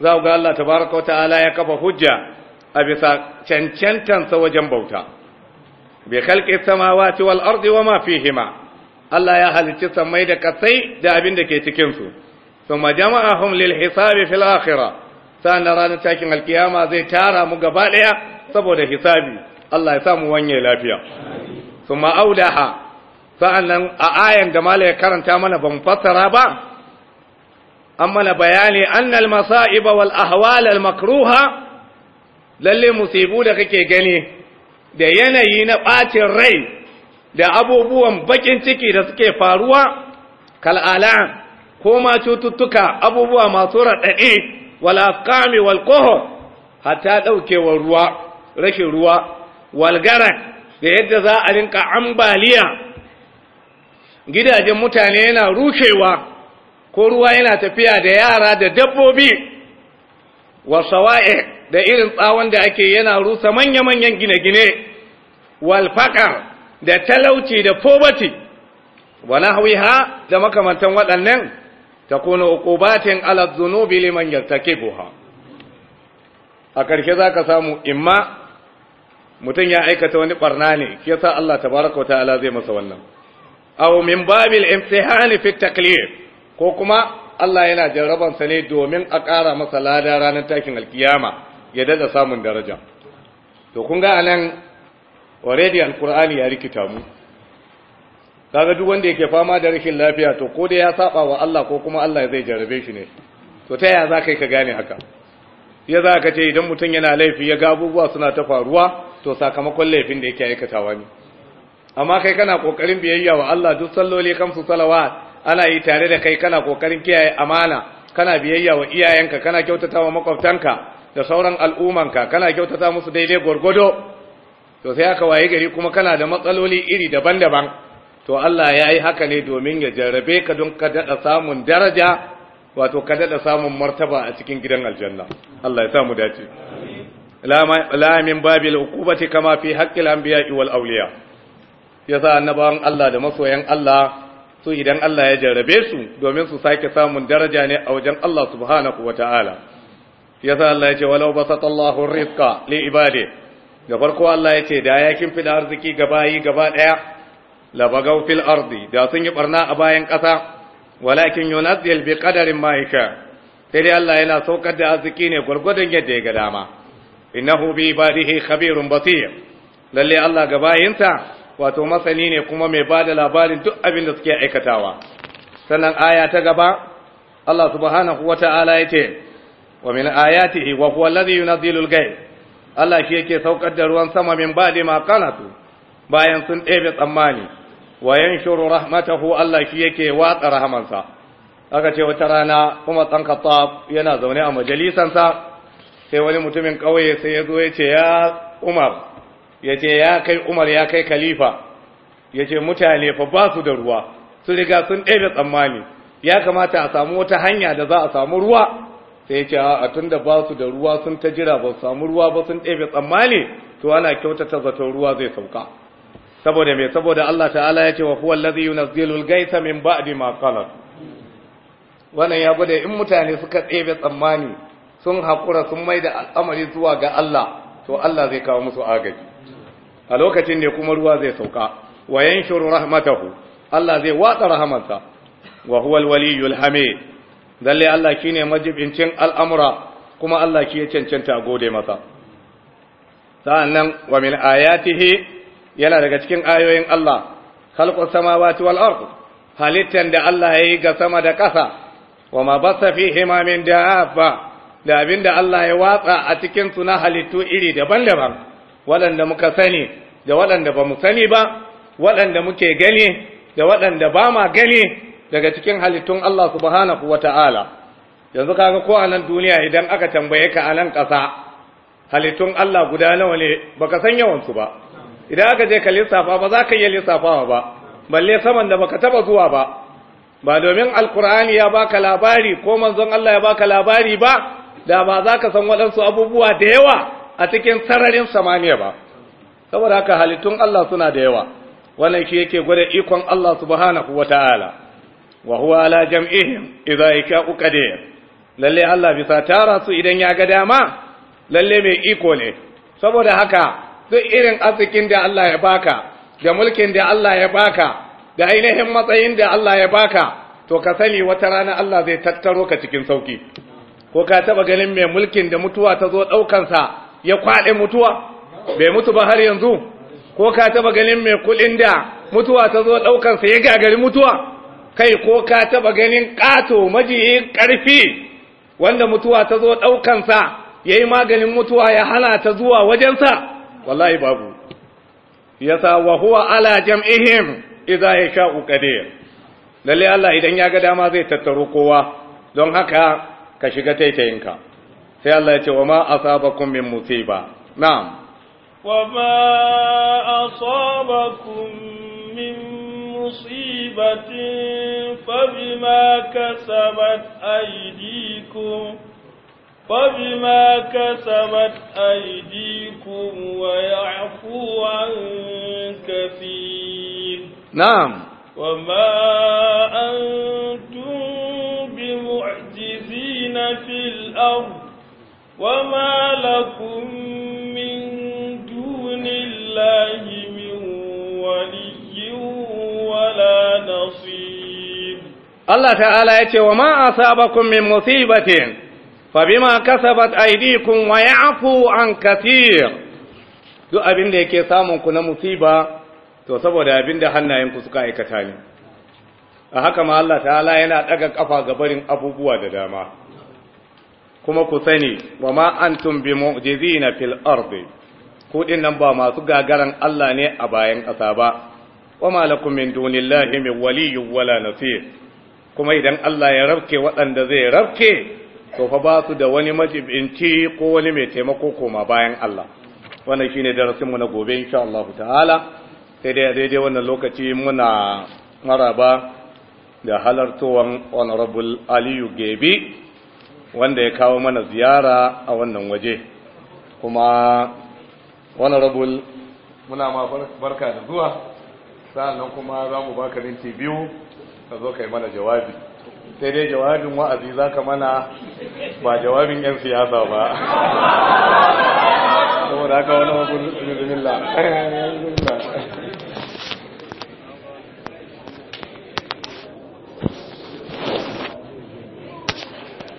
za ga Allah tabaraka ta'ala ya kafa hujja a bisa cancantansa wajen bauta bi khalqi samawati wal ardi wa ma fihima Allah ya halicci samai da kasai da abin da ke cikin su thumma jama'ahum lil hisabi fil akhirah sa'an ranar takin alkiyama zai tara mu gaba daya saboda hisabi Allah ya sa samu wanye lafiya thumma audaha sa'annan a ayan da mala ya karanta mana ban fassara ba an mana bayani annal masa'iba wal ahwal al makruha lalle musibu da kake gani da yanayi na ɓacin rai da abubuwan bakin ciki da suke faruwa kal'ala ko ma cututtuka abubuwa masu raɗaɗe wal afkami wal hatta ɗaukewar ruwa rashin ruwa walgara da yadda za a rinka ambaliya gidajen mutane yana rushewa ko ruwa yana tafiya da yara da dabbobi wa sawa'i da irin tsawon da ake yana rusa manya-manyan gine-gine walfaƙar da talauci da poverty wa nahwiha da makamantan waɗannan ta kuna uqubatin ala dhunubi liman goha. a ƙarshe za ka samu imma mutum ya aikata wani ɓarna ne shi yasa Allah tabaraka wa ta'ala zai masa wannan aw min babil imtihan fi taklif ko kuma Allah yana sa ne domin a ƙara masa lada ranar takin alkiyama ya dada samun daraja to kun ga anan already alqur'ani ya rikita mu kaga duk wanda yake fama da rikin lafiya to ko da ya saba wa Allah ko kuma Allah zai jarrabe shi ne to ta yaya za ka gane haka ya za ka ce idan mutum yana laifi ya ga abubuwa suna ta faruwa to sakamakon laifin da yake aikatawa ne amma kai kana kokarin biyayya wa Allah duk salloli kamsu salawat ana yi tare da kai kana kokarin kiyaye amana kana biyayya wa iyayenka kana kyautatawa makwabtanka da sauran al'umanka kana kyautata musu daidai gwargwado to sai aka waye gari kuma kana da matsaloli iri daban-daban to Allah ya yi haka ne domin ya jarrabe ka don ka daɗa samun daraja wato ka daɗa samun martaba a cikin gidan aljanna Allah ya samu dace la min babil uqubati kama fi haqqil anbiya'i wal awliya yasa annabawan Allah da masoyan Allah su idan Allah ya jarrabe su domin su sake samun daraja ne a wajen Allah subhanahu wataala yasa Allah ya ce walau basatallahu rizqa li ibade. da farko Allah ya ce da ya kimfida arziki gabayi gaba daya la bagaw fil ardi da sun yi barna a bayan kasa walakin yunazzil bi qadarin ma yaka sai dai Allah yana saukar da arziki ne gurgurdan yadda ya ga dama innahu bi ibadihi khabirun basir lalle Allah ga bayinsa wato masani ne kuma mai ba da labarin duk abin da suke aikatawa sannan aya ta gaba Allah subhanahu wata'ala ya ce wa min ayatihi wa huwa alladhi yunzilu al-ghayb Allah shi yake saukar da ruwan sama min ba'di ma qanatu bayan sun ɗebe tsammani wa yanshuru rahmatahu Allah shi yake watsa rahamansa aka ce wata rana kuma dan Khattab yana zaune a majalisansa sai wani mutumin ƙauye sai ya zo ya ce ya Umar ya ce ya kai umar ya kai khalifa ya ce mutane fa ba su da ruwa su riga sun ɗaya tsammani ya kamata a samu wata hanya da za a samu ruwa sai ya ce a tun da ba su da ruwa sun ta jira ba su samu ruwa ba sun ɗaya tsammani to ana kyautata zaton ruwa zai sauka saboda me saboda Allah ta'ala ya ce wa huwa allazi yunzilu gaita min ba'di ma qalat wannan ya gode in mutane suka ɗebe tsammani sun haƙura sun mai da al'amari zuwa ga Allah to Allah zai kawo musu agaji a lokacin ne kuma ruwa zai sauka wa yanshuru rahmatahu Allah zai watsa rahamarsa wa huwa al-waliyul hamid dalle Allah shine majibincin al'amura kuma Allah shi ya cancanta gode masa sa'annan wa min ayatihi yana daga cikin ayoyin Allah khalqus samawati wal ard halittan da Allah yayi ga sama da ƙasa wa ma basa fihima min da abinda Allah ya watsa a cikin su na halittu iri daban-daban waɗanda muka sani da waɗanda ba mu sani ba waɗanda muke gani da waɗanda ba ma gani daga cikin halittun Allah subhanahu wa ta'ala yanzu kaga ko a nan duniya idan aka tambaye ka a nan ƙasa halittun Allah guda nawa ne baka san yawansu ba idan aka je ka lissafa ba za ka iya lissafawa ba balle saman da baka taba zuwa ba ba domin alkur'ani ya baka labari ko manzon Allah ya baka labari ba da ba za ka san waɗansu abubuwa da yawa a cikin sararin samaniya ba saboda haka halittun Allah suna da yawa wannan shi yake gwada ikon Allah subhanahu wata'ala wa huwa ala jam'ihim idza yaka'u qadir lalle Allah bisa tara su idan ya ga dama lalle mai iko ne saboda haka duk irin arzikin da Allah ya baka da mulkin da Allah ya baka da ainihin matsayin da Allah ya baka to ka sani wata rana Allah zai tattaro ka cikin sauki ko ka taba ganin mai mulkin da mutuwa ta zo sa ya kwaɗe mutuwa bai mutu ba har yanzu ko ka taɓa ganin mai kuɗin da mutuwa ta zo ɗaukansa ya gagari mutuwa kai ko ka taba ganin ƙato majiyin ƙarfi wanda mutuwa ta zo ɗaukansa ya yi maganin mutuwa ya hana ta zuwa wajensa wallahi babu ya sa wa huwa ala jam'ihim ya sha ƙuƙade, lalle Allah idan ya ga dama zai tattaro kowa don haka ka shiga taitayinka sai Allah ya ce wa ma asabakum min musiba na'am wa ma asabakum min musibatin fa bima kasabat aydikum فبما كسبت أيديكم ويعفو عن كثير an وما أنتم بمعجزين fil الأرض وما لكم من دون الله من ولي ولا نصير الله تعالى يتي وما أصابكم من مصيبة فبما كسبت أيديكم ويعفو عن كثير duk abin da yake ku na musiba to saboda abin da hannayenku suka aikata ne a haka ma Allah ta'ala yana ɗaga ƙafa barin abubuwa da dama kuma ku sani wa ma antum bi mu'jizina fil ardi ku nan ba masu gagaran Allah ne a bayan ƙasa ba wa ma lakum min dunillahi min waliyyin wala nasir kuma idan Allah ya rabke waɗanda zai rabke to fa ba su da wani majibinci ko wani mai taimako koma bayan Allah wannan shine darasin mu na gobe insha Allah ta'ala sai dai daidai wannan lokaci muna maraba da halartowan honorable Aliyu Gebi wanda ya kawo mana ziyara a wannan waje kuma wani rabul muna ma barka da zuwa sa'annan kuma za mu baka minti biyu ka zo ka yi mana jawabi sai dai jawabin wa'azi za ka mana ba jawabin 'yan siyasa ba *laughs* saboda haka wani rabul bismillah *laughs*